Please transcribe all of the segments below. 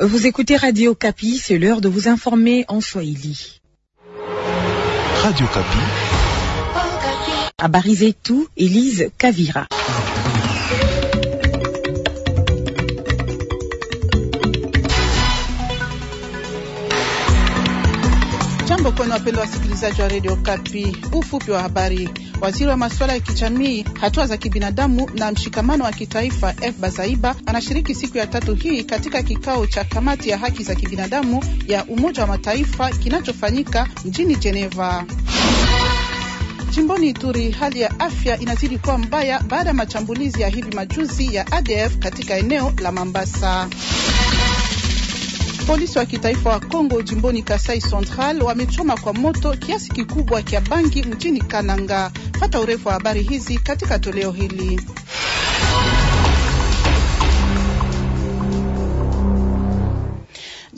Vous écoutez Radio Capi, c'est l'heure de vous informer en Swahili. Radio Capi. À tout, Elise Kavira. Ah, Jambo kwenu wapendwa wasikilizaji wa redio Kapi. Ufupi wa habari. Waziri wa masuala ya kijamii, hatua za kibinadamu na mshikamano wa kitaifa F Bazaiba anashiriki siku ya tatu hii katika kikao cha kamati ya haki za kibinadamu ya Umoja wa Mataifa kinachofanyika mjini Geneva. Jimboni Ituri, hali ya afya inazidi kuwa mbaya baada ya mashambulizi ya hivi majuzi ya ADF katika eneo la Mambasa. Polisi wa kitaifa wa Kongo jimboni Kasai Central wamechoma kwa moto kiasi kikubwa cha bangi mjini Kananga. fata urefu wa habari hizi katika toleo hili.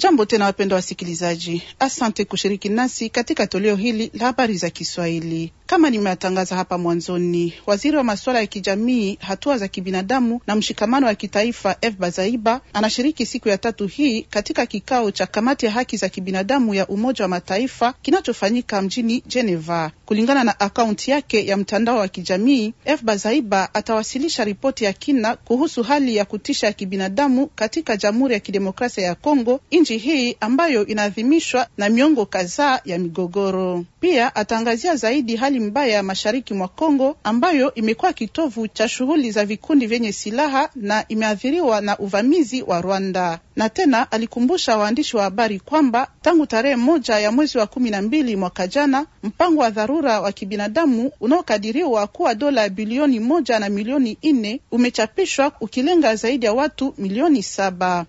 Jambo tena wapendwa wasikilizaji, asante kushiriki nasi katika toleo hili la habari za Kiswahili. Kama nimeyatangaza hapa mwanzoni, waziri wa masuala ya kijamii, hatua za kibinadamu na mshikamano wa kitaifa F Bazaiba anashiriki siku ya tatu hii katika kikao cha kamati ya haki za kibinadamu ya Umoja wa Mataifa kinachofanyika mjini Geneva. Kulingana na akaunti yake ya mtandao wa kijamii, F Bazaiba atawasilisha ripoti ya kina kuhusu hali ya kutisha ya kibinadamu katika Jamhuri ya Kidemokrasia ya Kongo, nchi hii ambayo inaadhimishwa na miongo kadhaa ya migogoro. Pia ataangazia zaidi hali mbaya ya mashariki mwa Kongo ambayo imekuwa kitovu cha shughuli za vikundi vyenye silaha na imeathiriwa na uvamizi wa Rwanda. Na tena alikumbusha waandishi wa habari kwamba tangu tarehe moja ya mwezi wa kumi na mbili mwaka jana, mpango wa dharura wa kibinadamu unaokadiriwa kuwa dola bilioni moja na milioni nne umechapishwa ukilenga zaidi ya watu milioni saba.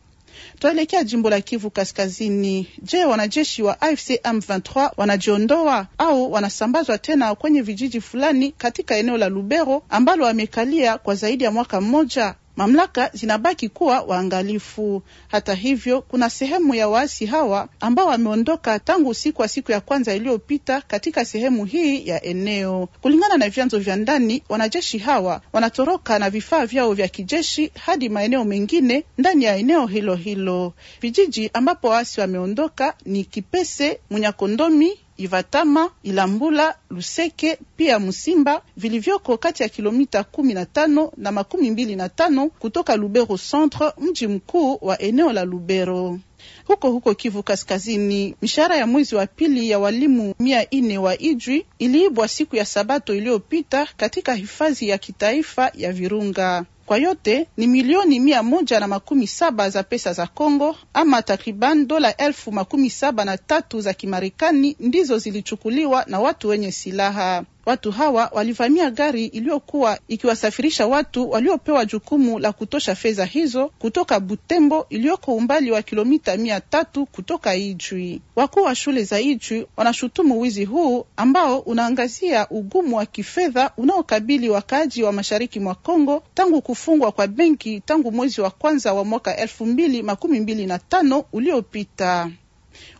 Tuelekea jimbo la Kivu Kaskazini. Je, wanajeshi wa AFC M23 wanajiondoa au wanasambazwa tena kwenye vijiji fulani katika eneo la Lubero ambalo wamekalia kwa zaidi ya mwaka mmoja? Mamlaka zinabaki kuwa waangalifu. Hata hivyo, kuna sehemu ya waasi hawa ambao wameondoka tangu usiku wa siku ya kwanza iliyopita katika sehemu hii ya eneo. Kulingana na vyanzo vya ndani, wanajeshi hawa wanatoroka na vifaa vyao vya kijeshi hadi maeneo mengine ndani ya eneo hilo hilo. Vijiji ambapo waasi wameondoka ni Kipese, Munyakondomi, Ivatama, Ilambula, Luseke pia Musimba vilivyoko kati ya kilomita kumi na tano na makumi mbili na tano kutoka Lubero Centre, mji mkuu wa eneo la Lubero. Huko huko Kivu Kaskazini, mishahara ya mwezi wa pili ya walimu mia ine wa Ijwi iliibwa siku ya Sabato iliyopita katika hifadhi ya kitaifa ya Virunga. Kwa yote ni milioni mia moja na makumi saba za pesa za Congo ama takriban dola elfu makumi saba na tatu za Kimarekani ndizo zilichukuliwa na watu wenye silaha. Watu hawa walivamia gari iliyokuwa ikiwasafirisha watu waliopewa jukumu la kutosha fedha hizo kutoka Butembo iliyoko umbali wa kilomita mia tatu kutoka Ijwi. Wakuu wa shule za Ijwi wanashutumu wizi huu ambao unaangazia ugumu wa kifedha unaokabili wakaaji wa mashariki mwa Kongo tangu kufungwa kwa benki tangu mwezi wa kwanza wa mwaka elfu mbili makumi mbili na tano uliopita.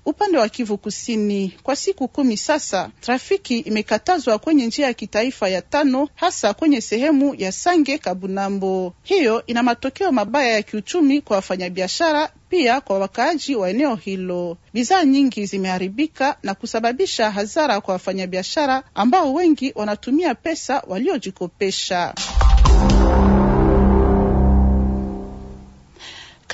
Upande wa Kivu Kusini, kwa siku kumi sasa, trafiki imekatazwa kwenye njia ya kitaifa ya tano, hasa kwenye sehemu ya Sange Kabunambo. Hiyo ina matokeo mabaya ya kiuchumi kwa wafanyabiashara, pia kwa wakaaji wa eneo hilo. Bidhaa nyingi zimeharibika na kusababisha hasara kwa wafanyabiashara ambao wengi wanatumia pesa waliojikopesha.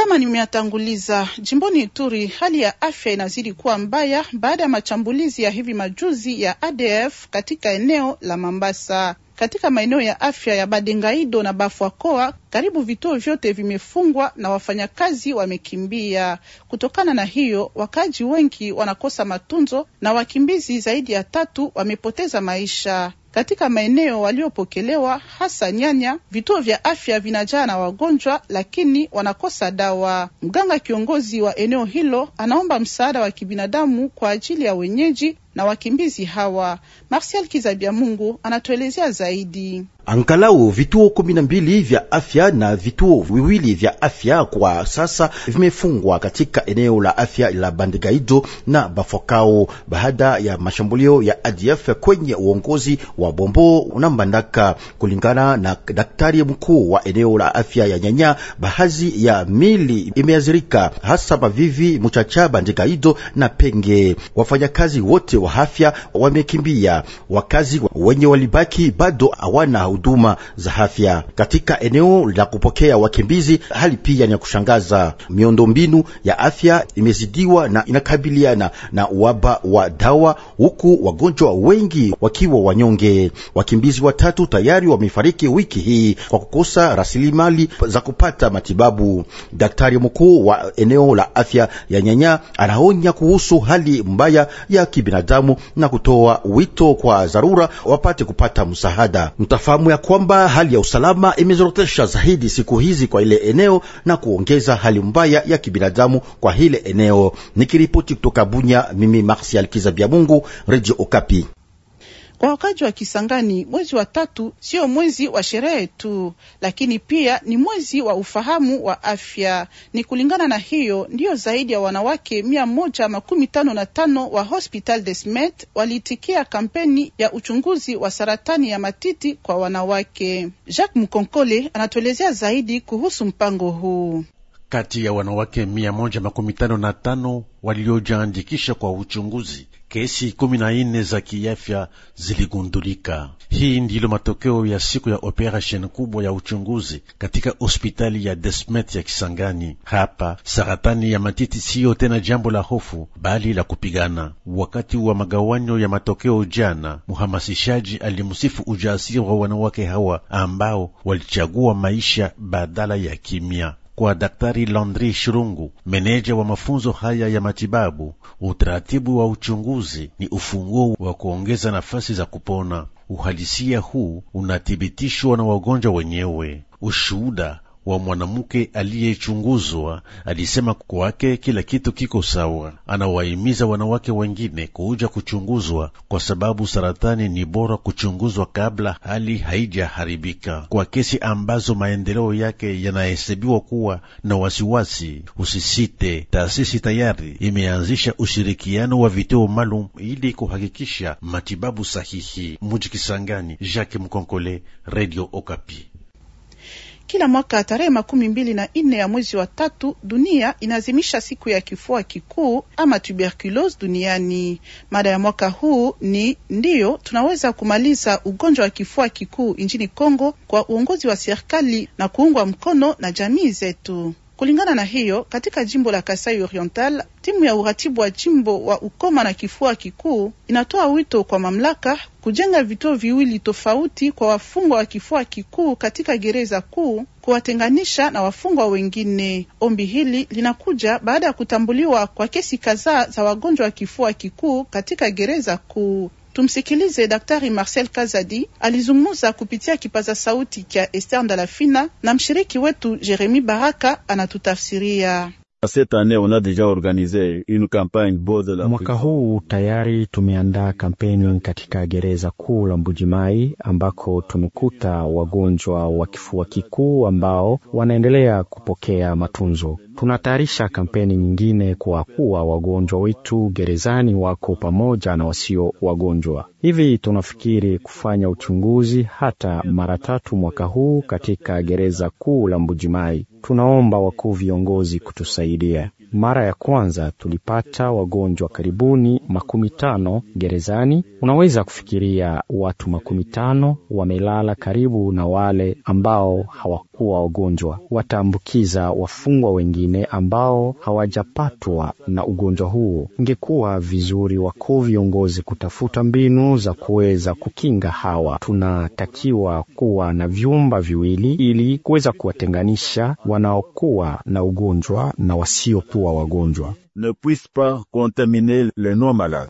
Kama nimeatanguliza jimboni Ituri, hali ya afya inazidi kuwa mbaya baada ya mashambulizi ya hivi majuzi ya ADF katika eneo la Mambasa. Katika maeneo ya afya ya Badengaido na Bafwakoa, karibu vituo vyote vimefungwa na wafanyakazi wamekimbia. Kutokana na hiyo, wakaaji wengi wanakosa matunzo na wakimbizi zaidi ya tatu wamepoteza maisha katika maeneo waliopokelewa, hasa Nyanya. Vituo vya afya vinajaa na wagonjwa, lakini wanakosa dawa. Mganga kiongozi wa eneo hilo anaomba msaada wa kibinadamu kwa ajili ya wenyeji na wakimbizi hawa. Marsial Kizabia Mungu anatuelezea zaidi. Angalau vituo kumi na mbili vya afya na vituo viwili vya afya kwa sasa vimefungwa katika eneo la afya la Bandegaido na Bafokao baada ya mashambulio ya ADF kwenye uongozi wa Bombo na Mbandaka. Kulingana na daktari mkuu wa eneo la afya ya Nyanya, baadhi ya mili imeathirika hasa Mavivi, Muchacha, Bandigaido na Penge. Wafanyakazi wote wa afya wamekimbia, wakazi wenye walibaki bado hawana huduma za afya katika eneo la kupokea wakimbizi. Hali pia ni ya kushangaza, miundombinu ya afya imezidiwa na inakabiliana na uhaba wa dawa, huku wagonjwa wengi wakiwa wanyonge. Wakimbizi watatu tayari wamefariki wiki hii kwa kukosa rasilimali za kupata matibabu. Daktari mkuu wa eneo la afya ya Nyanya anaonya kuhusu hali mbaya ya kibinadamu na kutoa wito kwa dharura wapate kupata msaada. Mtafahamu fahamu ya kwamba hali ya usalama imezorotesha zaidi siku hizi kwa ile eneo na kuongeza hali mbaya ya kibinadamu kwa hile eneo. Nikiripoti kutoka Bunya, mimi Marsial kizabia Mungu, Radio Okapi. Kwa wakaji wa Kisangani, mwezi wa tatu sio mwezi wa sherehe tu, lakini pia ni mwezi wa ufahamu wa afya. Ni kulingana na hiyo ndiyo zaidi ya wanawake mia moja makumi tano na tano wa Hospital des Met waliitikia kampeni ya uchunguzi wa saratani ya matiti kwa wanawake. Jacques Mkonkole anatuelezea zaidi kuhusu mpango huu. Kati ya wanawake mia moja makumi tano na tano waliojiandikisha kwa uchunguzi Kesi kumi na nne za kiafya ziligundulika. Hii ndilo matokeo ya siku ya operasheni kubwa ya uchunguzi katika hospitali ya Desmet ya Kisangani. Hapa saratani ya matiti siyo tena jambo la hofu, bali la kupigana. Wakati wa magawanyo ya matokeo jana, mhamasishaji alimsifu ujasiri wa wanawake hawa ambao walichagua maisha badala ya kimya kwa Daktari Landri Shirungu, meneja wa mafunzo haya ya matibabu, utaratibu wa uchunguzi ni ufunguo wa kuongeza nafasi za kupona. Uhalisia huu unathibitishwa na wagonjwa wenyewe. Ushuhuda wa mwanamke aliyechunguzwa alisema kwake kila kitu kiko sawa. Anawahimiza wanawake wengine kuja kuchunguzwa, kwa sababu saratani ni bora kuchunguzwa kabla hali haijaharibika. Kwa kesi ambazo maendeleo yake yanahesabiwa kuwa na wasiwasi, usisite. Taasisi tayari imeanzisha ushirikiano wa vituo maalum ili kuhakikisha matibabu sahihi. Mujikisangani, Jacques Mkonkole, Radio Okapi. Kila mwaka tarehe makumi mbili na nne ya mwezi wa tatu dunia inaazimisha siku ya kifua kikuu ama tuberculose duniani. Mada ya mwaka huu ni ndiyo tunaweza kumaliza ugonjwa wa kifua kikuu nchini Kongo kwa uongozi wa serikali na kuungwa mkono na jamii zetu. Kulingana na hiyo, katika jimbo la Kasai Oriental, timu ya uratibu wa jimbo wa ukoma na kifua kikuu inatoa wito kwa mamlaka kujenga vituo viwili tofauti kwa wafungwa wa kifua kikuu katika gereza kuu kuwatenganisha na wafungwa wengine. Ombi hili linakuja baada ya kutambuliwa kwa kesi kadhaa za wagonjwa wa kifua kikuu katika gereza kuu. Tumsikilize Daktari Marcel Kazadi alizungumza kupitia kipaza sauti cha Esther Ndalafina na mshiriki wetu Jeremi Baraka anatutafsiria. Mwaka huu tayari tumeandaa kampeni katika gereza kuu la Mbujimai ambako tumekuta wagonjwa wa kifua kikuu ambao wanaendelea kupokea matunzo. Tunatayarisha kampeni nyingine kwa kuwa wagonjwa wetu gerezani wako pamoja na wasio wagonjwa. Hivi tunafikiri kufanya uchunguzi hata mara tatu mwaka huu katika gereza kuu la Mbujimai. Tunaomba wakuu viongozi kutusaidia. Mara ya kwanza tulipata wagonjwa karibuni makumi tano gerezani. Unaweza kufikiria watu makumi tano wamelala karibu na wale ambao hawakuwa wagonjwa, wataambukiza wafungwa wengine ambao hawajapatwa na ugonjwa huo. Ingekuwa vizuri wakuu viongozi kutafuta mbinu za kuweza kukinga hawa. Tunatakiwa kuwa na vyumba viwili ili kuweza kuwatenganisha wanaokuwa na ugonjwa na wasio Ne puisse pas contaminer les non malades.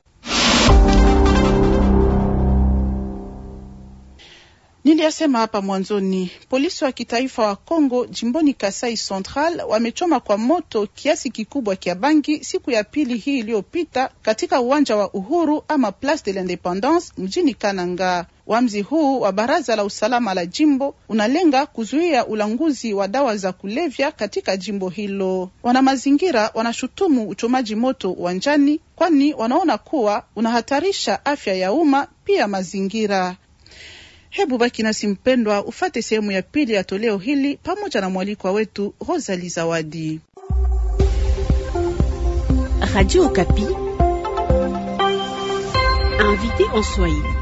Niliyasema hapa mwanzoni, polisi wa kitaifa wa Kongo jimboni Kasai Central wamechoma kwa moto kiasi kikubwa kia bangi siku ya pili hii iliyopita katika uwanja wa Uhuru ama Place de l'Independance mjini Kananga. wamzi huu wa baraza la usalama la jimbo unalenga kuzuia ulanguzi wa dawa za kulevya katika jimbo hilo. Wanamazingira wanashutumu uchomaji moto uwanjani, kwani wanaona kuwa unahatarisha afya ya umma pia mazingira. Hebu baki nasi mpendwa, ufate sehemu ya pili ya toleo hili pamoja na mwalikwa wetu Rosali Zawadi. Radio Okapi, invité en Swahili.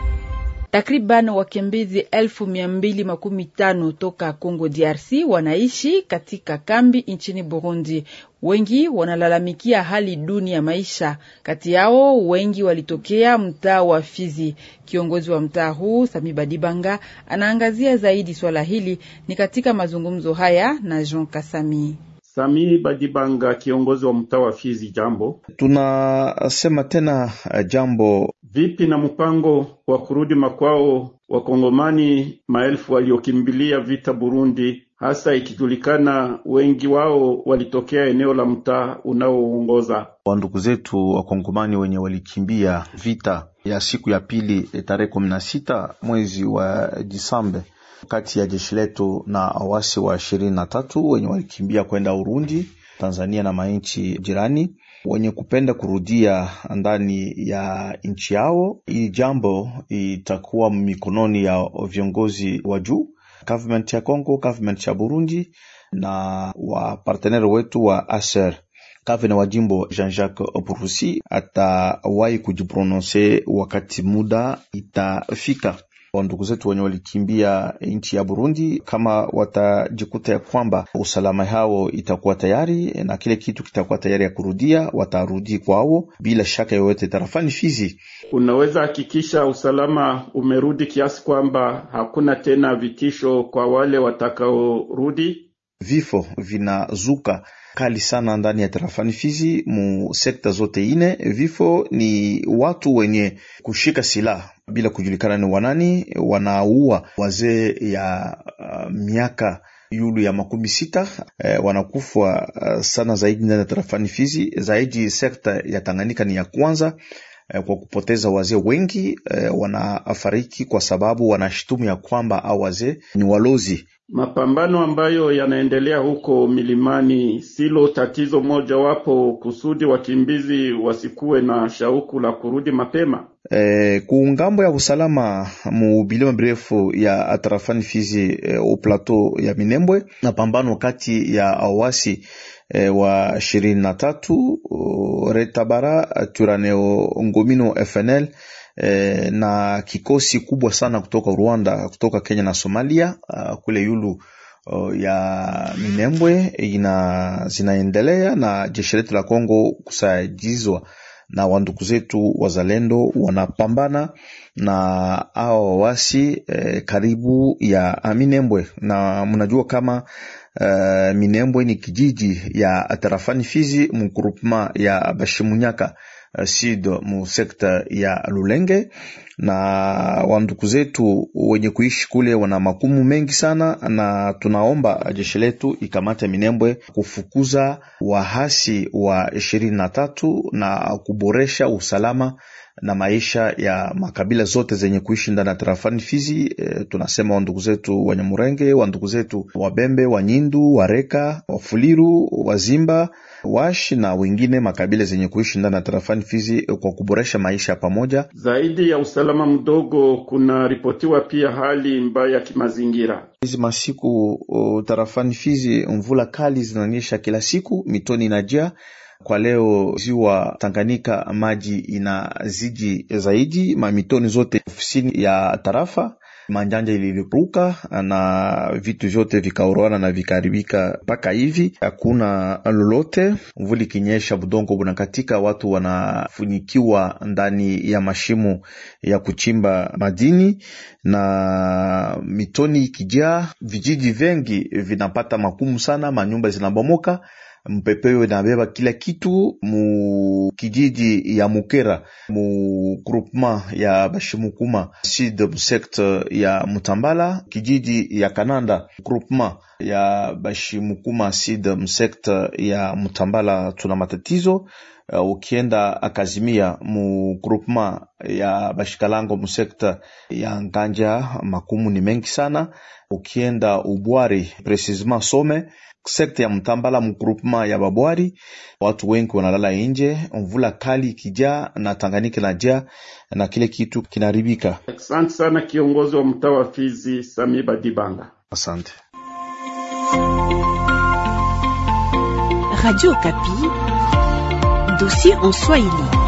Takriban wakimbizi elfu mia mbili makumi tano toka Congo DRC wanaishi katika kambi nchini Burundi. Wengi wanalalamikia hali duni ya maisha. Kati yao wengi walitokea mtaa wa Fizi. Kiongozi wa mtaa huu Sami Badibanga anaangazia zaidi swala hili, ni katika mazungumzo haya na Jean Kasami. Sami Badibanga, kiongozi wa mtaa wa Fizi, jambo. Tunasema tena eh, jambo. Vipi na mpango wa kurudi makwao Wakongomani maelfu waliokimbilia vita Burundi, hasa ikijulikana wengi wao walitokea eneo la mtaa unaoongoza wandugu zetu Wakongomani wenye walikimbia vita ya siku ya pili eh, tarehe kumi na sita mwezi wa Disambe kati ya jeshi letu na waasi wa ishirini na tatu wenye walikimbia kwenda Urundi, Tanzania na manchi jirani wenye kupenda kurudia ndani ya nchi yao. Hili jambo itakuwa mikononi ya viongozi wa juu, government ya Congo, government ya Burundi na waparteneri wetu wa ASER. Gavana wa jimbo Jean-Jacques Purusi atawahi kujiprononse wakati muda itafika ndugu zetu wenye walikimbia nchi ya Burundi, kama watajikuta ya kwamba usalama yao itakuwa tayari na kile kitu kitakuwa tayari ya kurudia, watarudi kwao bila shaka yoyote. Tarafani Fizi, unaweza hakikisha usalama umerudi kiasi kwamba hakuna tena vitisho kwa wale watakaorudi. Vifo vinazuka kali sana ndani ya tarafani Fizi mu sekta zote ine. Vifo ni watu wenye kushika silaha bila kujulikana ni wanani, wanaua wazee ya uh, miaka yulu ya makumi sita eh, wanakufa uh, sana zaidi ndani ya tarafani Fizi. Zaidi sekta ya Tanganyika ni ya kwanza eh, kwa kupoteza wazee wengi eh, wanafariki kwa sababu wanashtumu ya kwamba au wazee ni walozi Mapambano ambayo yanaendelea huko milimani silo tatizo mojawapo kusudi wakimbizi wasikuwe na shauku la kurudi mapema. Eh, kungambo ya usalama bilima birefu ya atarafani Fizi eh, o plateau ya Minembwe na pambano kati ya awasi e, wa ishirini na tatu Retabara Turaneo Ngomino FNL e, na kikosi kubwa sana kutoka Rwanda, kutoka Kenya na Somalia uh, kule yulu uh, ya Minembwe ina, zinaendelea na jeshi letu la Kongo kusajizwa na wanduku zetu wazalendo wanapambana na hao wasi eh, karibu ya Minembwe na mnajua kama Uh, Minembwe ni kijiji ya atarafani Fizi mgrupema ya Bashimunyaka Eh, sud mu sekta ya Lulenge, na wanduku zetu wenye kuishi kule wana makumu mengi sana, na tunaomba jeshi letu ikamate Minembwe kufukuza wahasi wa ishirini na tatu na kuboresha usalama na maisha ya makabila zote zenye kuishi ndani ya tarafani Fizi. E, tunasema wandugu zetu Wanyamurenge, wandugu zetu Wabembe, Wanyindu, Wareka, Wafuliru, Wazimba, Wash na wengine makabila zenye kuishi ndani ya tarafani Fizi eh, kwa kuboresha maisha ya pamoja. Zaidi ya usalama mdogo, kuna ripotiwa pia hali mbaya ya kimazingira. Hizi masiku oh, tarafani Fizi mvula kali zinaonyesha kila siku, mitoni inajaa kwa leo ziwa Tanganyika maji inaziji zaidi mamitoni zote ofisini ya tarafa manjanja ilivyopuka na vitu vyote vikaoroana na vikaharibika. Mpaka hivi hakuna lolote. Mvuli ikinyesha, budongo bunakatika, watu wanafunikiwa ndani ya mashimo ya kuchimba madini, na mitoni ikijaa, vijiji vengi vinapata makumu sana, manyumba zinabomoka mpepeo nabeba kila kitu mu kijiji ya Mukera mu groupement ya Bashimukuma sud secte ya Mutambala, kijiji ya Kananda groupement ya Bashimukuma sud secte ya Mutambala. Tuna matatizo Uh, ukienda akazimia mu groupement ya Bashikalango mu sekta ya Nganja, makumu ni mengi sana. Ukienda Ubwari precisement Some sekta ya Mtambala mgrupema ya Babwari, watu wengi wanalala nje, mvula kali ikijaa na Tanganyika inajaa na kile kitu kinaharibika. Asante sana kiongozi wa mtaa wa Fizi Sami Badibanga, asante. Radio Kapi, dossier en Swahili.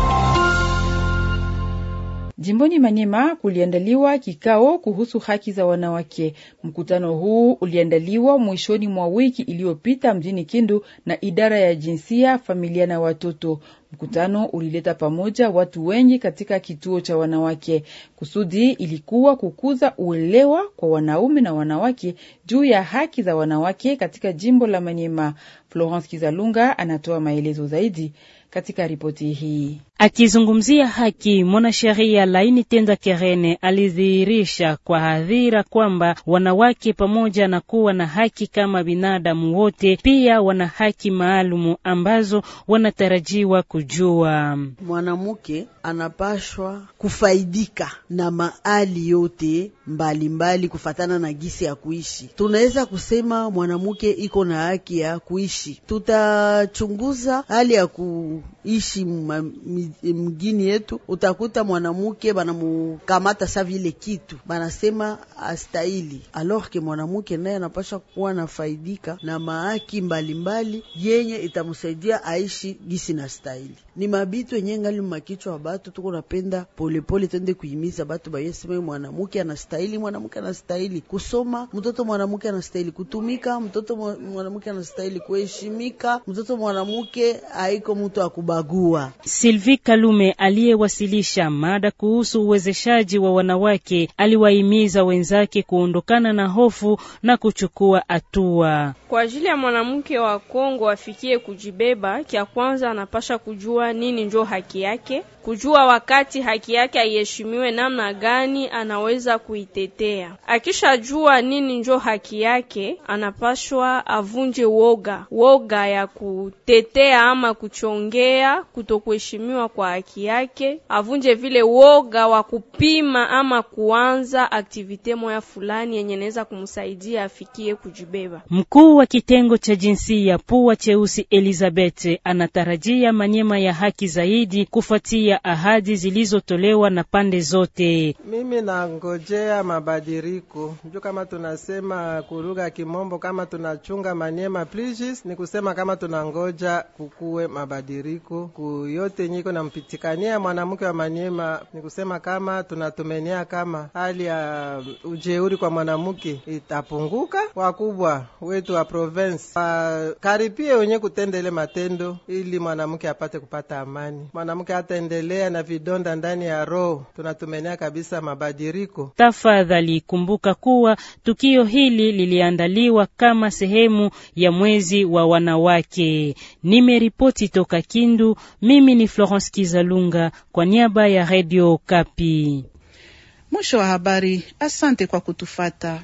Jimboni Manyema kuliandaliwa kikao kuhusu haki za wanawake. Mkutano huu uliandaliwa mwishoni mwa wiki iliyopita mjini Kindu na idara ya jinsia, familia na watoto. Mkutano ulileta pamoja watu wengi katika kituo cha wanawake. Kusudi ilikuwa kukuza uelewa kwa wanaume na wanawake juu ya haki za wanawake katika jimbo la Manyema. Florence Kizalunga anatoa maelezo zaidi katika ripoti hii. Akizungumzia haki, mwanasheria Laini Tenda Kerene alidhihirisha kwa hadhira kwamba wanawake pamoja na kuwa na haki kama binadamu wote, pia wana haki maalumu ambazo wanatarajiwa kujua. Mwanamke anapashwa kufaidika na maali yote mbalimbali mbali, kufatana na gisi ya kuishi. Tunaweza kusema mwanamke iko na haki ya kuishi. Tutachunguza hali ya kuishi mami mgini yetu, utakuta mwanamke banamukamata sa vile kitu banasema astahili, alors que mwanamuke naye anapasha kuwa nafaidika na maaki mbalimbali yenye itamsaidia aishi gisi na stahili ni mabitu yenye ngali makichwa wa batu, tuko napenda polepole twende kuhimiza batu bayesema mwanamke anastahili, mwanamke anastahili kusoma, mtoto mwanamke anastahili kutumika, mtoto mwanamke anastahili kuheshimika, mtoto mwanamke haiko mtu akubagua. Sylvie Kalume aliyewasilisha mada kuhusu uwezeshaji wa wanawake aliwahimiza wenzake kuondokana na hofu na kuchukua hatua kwa ajili ya mwanamke wa Kongo afikie kujibeba. Kia kwanza anapasha kujua kujua nini njo haki yake, kujua wakati haki yake aiheshimiwe namna gani anaweza kuitetea. Akishajua nini njo haki yake, anapashwa avunje woga, woga ya kutetea ama kuchongea kutokuheshimiwa kwa haki yake, avunje vile woga wa kupima ama kuanza aktivite moya fulani yenye naweza kumsaidia afikie kujibeba. Mkuu wa kitengo cha jinsia Pua Cheusi Elizabeth anatarajia Manyema ya haki zaidi kufuatia ahadi zilizotolewa na pande zote. Mimi nangojea mabadiriko juu, kama tunasema kulugha kimombo, kama tunachunga manyema plijis, ni kusema kama tunangoja kukuwe mabadiriko kuyote nyiko nampitikania mwanamke wa manyema, ni kusema kama tunatumenia kama hali ya ujeuri kwa mwanamke itapunguka, wakubwa wetu wa provensi wakaripie wenye kutendele matendo ili mwanamke apate kupata kupata amani, mwanamke ataendelea na vidonda ndani ya roho. Tunatumenia kabisa mabadiriko. Tafadhali kumbuka kuwa tukio hili liliandaliwa kama sehemu ya mwezi wa wanawake. Nimeripoti toka Kindu, mimi ni Florence Kizalunga kwa niaba ya Radio Kapi. Mwisho wa habari. Asante kwa kutufata.